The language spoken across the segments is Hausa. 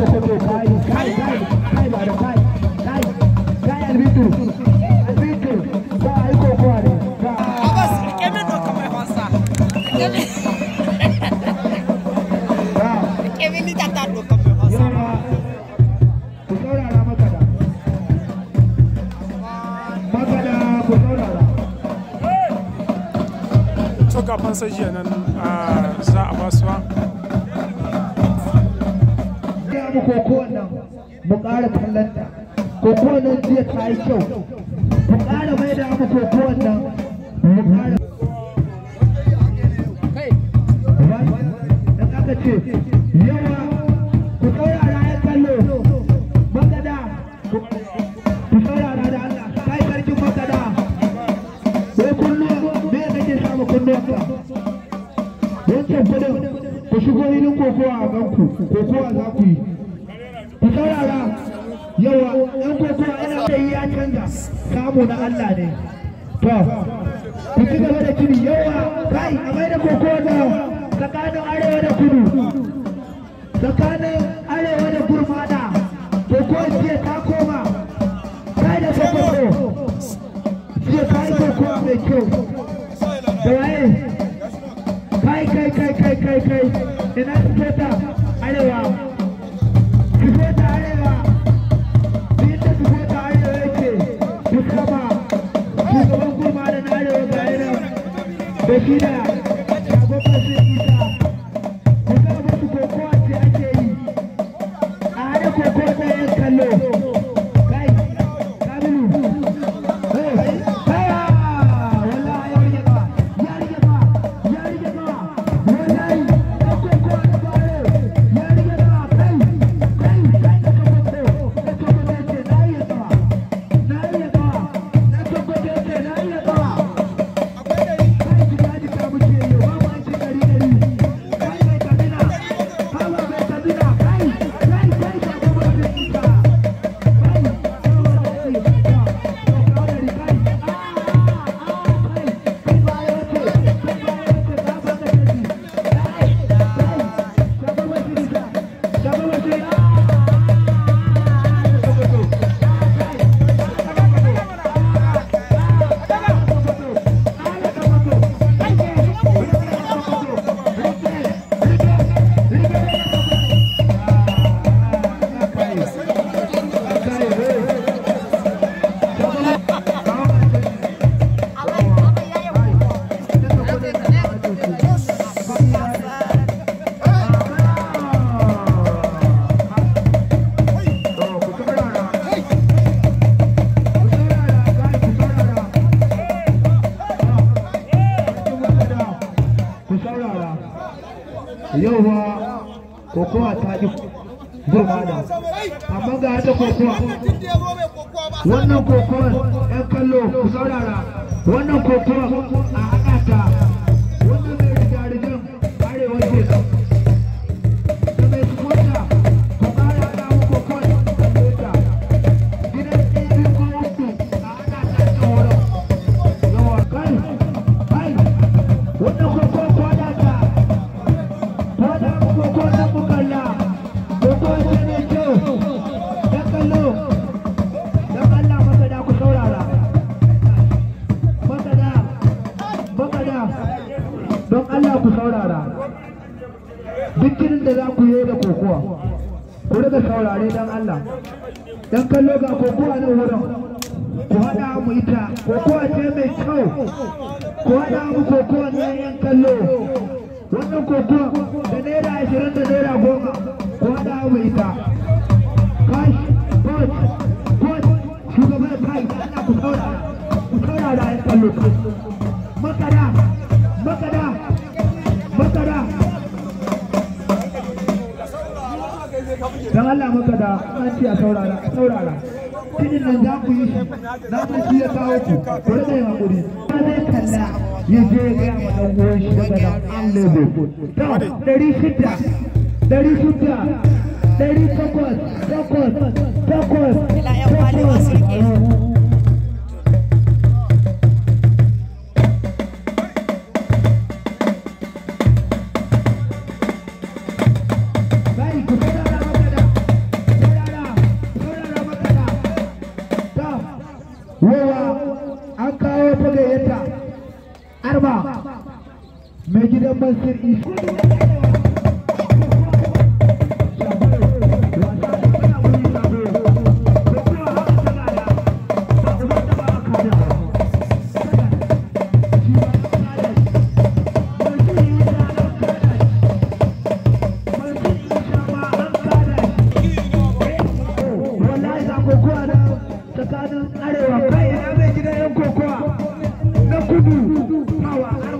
da take kai kai kai ba da kai kai kai nan za a basuwa samu kokowa nan mu ƙara kallonta kokowa nan jiya ta yi kyau mu ƙara mai da mu kokowa nan mu ƙara da aka ce yawa ku samu na Allah ne to ku ci gaba da kiri yawa kai a mai da koko da tsakanin arewa da kudu tsakanin arewa da gurmada koko jiya ta koma kai da koko jiya ta yi koko mai kyau da waye kai kai kai kai kai kai ina yauwa kokowa ta ji gurmana amma ga yadda kokowa wannan kokowar yan kallo ku saurara wannan kokowar za mu kokowa ce mai kyau ko haɗa mu kokowa na yan kallo wannan kokowa da naira ashirin da naira goma ko haɗa mu yi kash coach coach shugaban kai ana ku saurara ku saurara yan kallo makara makara makara dan Allah makada an a saurara saurara mutumin nan za ku yi na ku shi ya kawo ku da yawa kuri zai kalla ya je ya gaya ma dan goyon shi daga da an lebe to shida shida takwas takwas takwas da arba mai gidan basir isu do, power,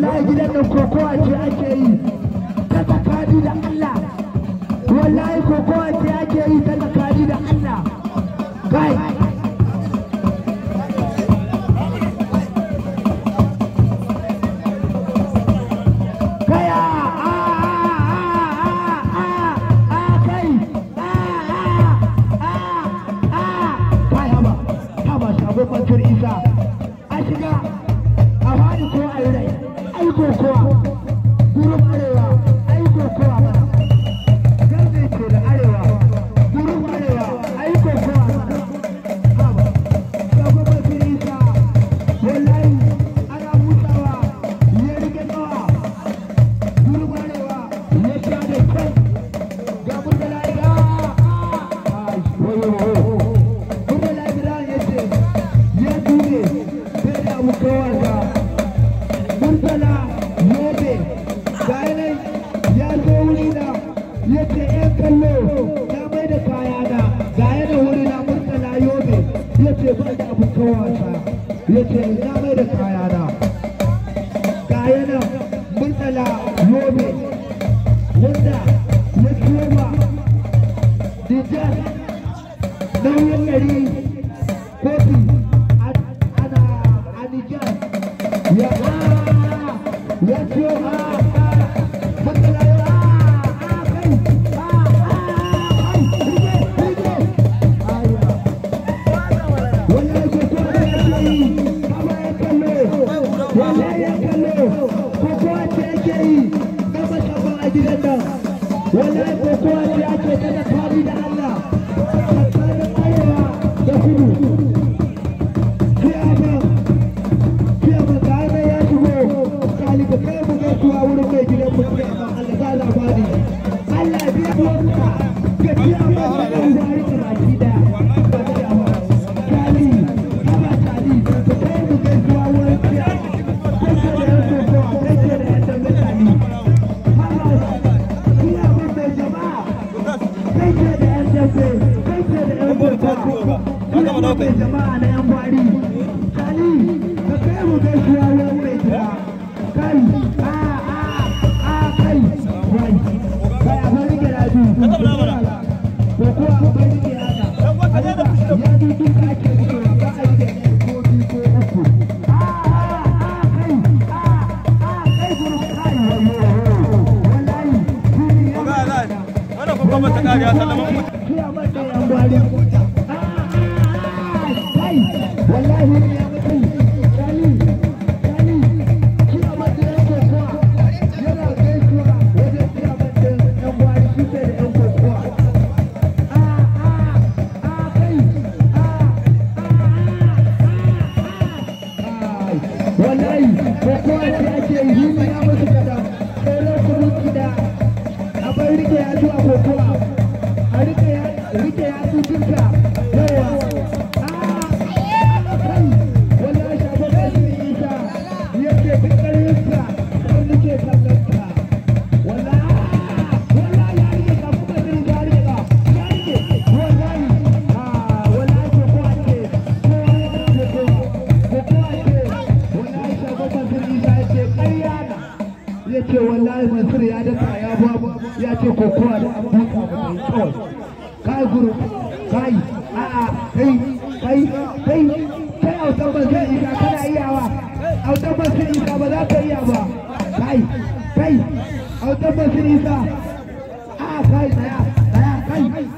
wallahi gidan nan kokowa ce ake yi ta tsakani da Allah wallahi kokowa ce ake yi ta tsakani da Allah kai Isa, a shiga kowasa ya ce ina mai da kayana Amen. Auto-mobilista. Ah, sai, sai, sai. vai.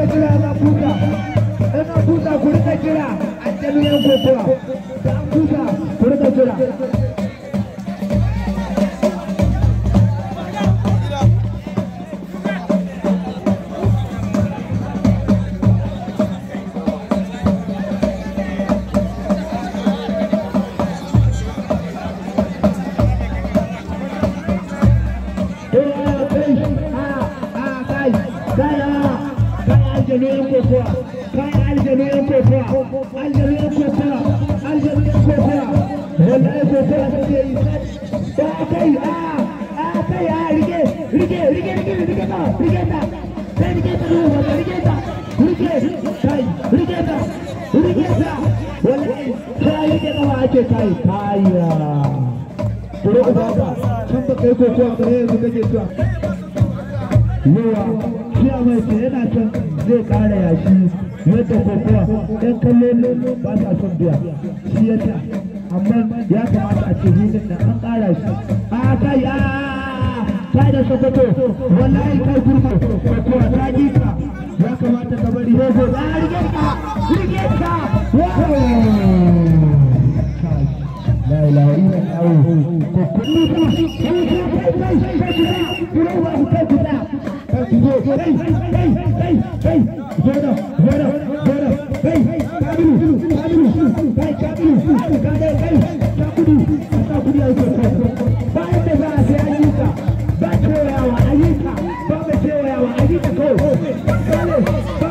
rika kira na kira a jami'an kokowa da طلع الجميع كفرة الجميع كفرة الجميع كفرة والله كفرة أعطي آه أعطي آه رجع رجع رجع رجع رجع تا رجع تا رجع تا روح رجع تا رجع تاي رجع تا رجع تا والله تاي رجع تا ما أجي تاي تاي تروح بابا كم بكرة كفرة مريض بكرة يوا شو عملت هنا zai kara yashi yadda kokowa ɗan kallon ba sa son biya shi ya ta amma ya kamata a ce hudun da an kara shi a kai a kai da sokoto yi kai gurgu kokowa ta ji ka ya kamata ka bari hogo Ya a rige ka rige ka لا إله إلا الله ko شيء Vai, Joel, aí tá, vai, Joel, aí tá, gol, gol,